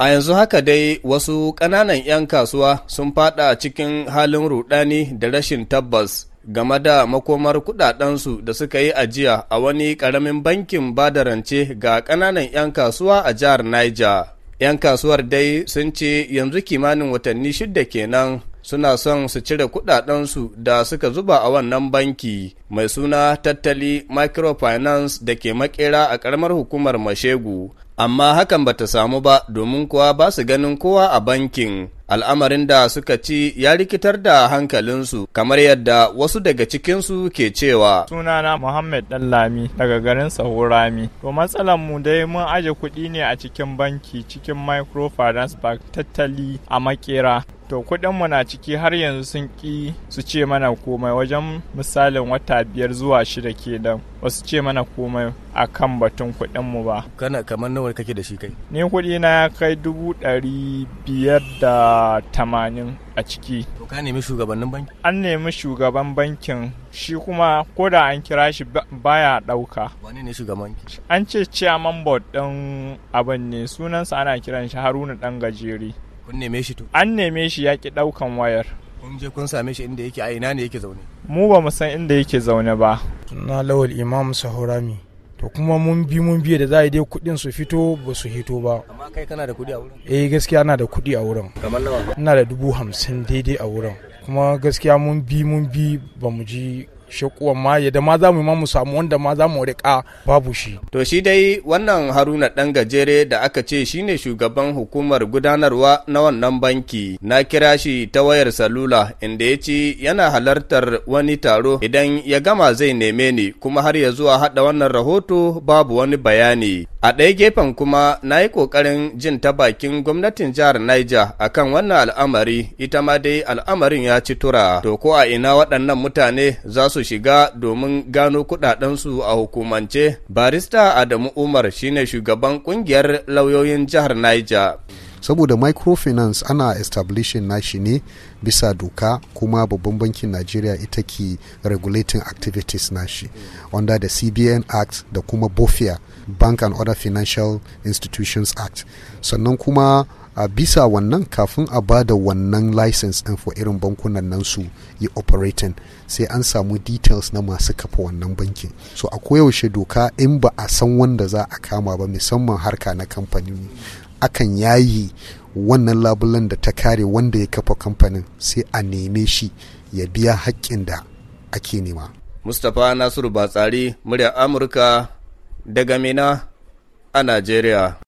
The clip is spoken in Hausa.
A yanzu haka dai wasu ƙananan 'yan kasuwa sun fada cikin halin rudani da rashin tabbas game da makomar kudadensu da suka yi ajiya a wani ƙaramin bankin badarance ga ƙananan 'yan kasuwa a jihar Niger. 'Yan kasuwar dai sun ce yanzu kimanin watanni shida kenan suna son su cire kudadensu da suka zuba a wannan banki mai suna tattali microfinance da ke makera a ƙaramar hukumar Mashegu. amma hakan bata samu ba domin kuwa ba su ganin kowa a bankin al'amarin da suka ci ya rikitar da hankalinsu kamar yadda wasu daga cikinsu ke cewa sunana muhammad dallami daga garin sahurami to matsalar mu dai mun aje kuɗi ne a cikin banki cikin microfinance bank tattali a makera to kuɗinmu na ciki har yanzu sun ƙi su ce mana komai wajen misalin wata biyar zuwa shida kenan ba su ce mana komai a kan batun kuɗinmu ba kana kamar nawa kake da shi kai ni kuɗi na ya kai dubu ɗari biyar da tamanin a ciki to ka nemi shugabannin banki an nemi shugaban bankin shi kuma ko da an kira shi baya ɗauka wani ne shugaban an ce chairman board ɗin abin ne sunansa ana kiran shi haruna ɗan gajeri kun neme shi to an neme shi ya ki daukan wayar kun je kun same shi inda yake a ina ne yake zaune mu ba mu san inda yake zaune ba na lawal imam sahurami to kuma mun bi mun biye da za a dai kuɗin su fito ba su hito ba amma kai kana da kuɗi a wurin eh gaskiya ana da kuɗi a wurin kamar nawa ina da dubu hamsin daidai a wurin kuma gaskiya mun bi mun bi ba mu ji shakuwan ma da ma za mu ma mu samu wanda ma za mu riƙa babu shi. To shi dai wannan Haruna ɗan gajere da aka ce shine shugaban hukumar gudanarwa na wannan banki na kira shi ta wayar salula inda ya ce yana halartar wani taro idan ya gama zai neme ni kuma har ya zuwa haɗa wannan rahoto babu wani bayani. A ɗaya gefen kuma na yi ƙoƙarin jin ta bakin gwamnatin jihar Niger akan wannan al'amari ita ma dai al'amarin ya ci tura to ko a ina waɗannan mutane za su su shiga domin gano kudadensu a hukumance. Barista Adamu Umar shine shugaban kungiyar lauyoyin jihar Niger. saboda microfinance ana establishing nashi ne bisa doka kuma babban bankin najeriya ita ke regulating activities nashi under the cbn act da kuma bofia bank and other financial institutions act sannan kuma a bisa wannan kafin a ba da wannan license ɗin for irin bankunan nan su yi operating sai an samu details na masu kafa wannan bankin so a koyaushe doka in ba a san wanda za a kama ba musamman harka na kamfani akan yayi wannan labulan da ta kare wanda ya kafa kamfanin sai a neme shi ya biya haƙƙin da ake nema mustapha nasiru batsari murya amurka daga mina a najeriya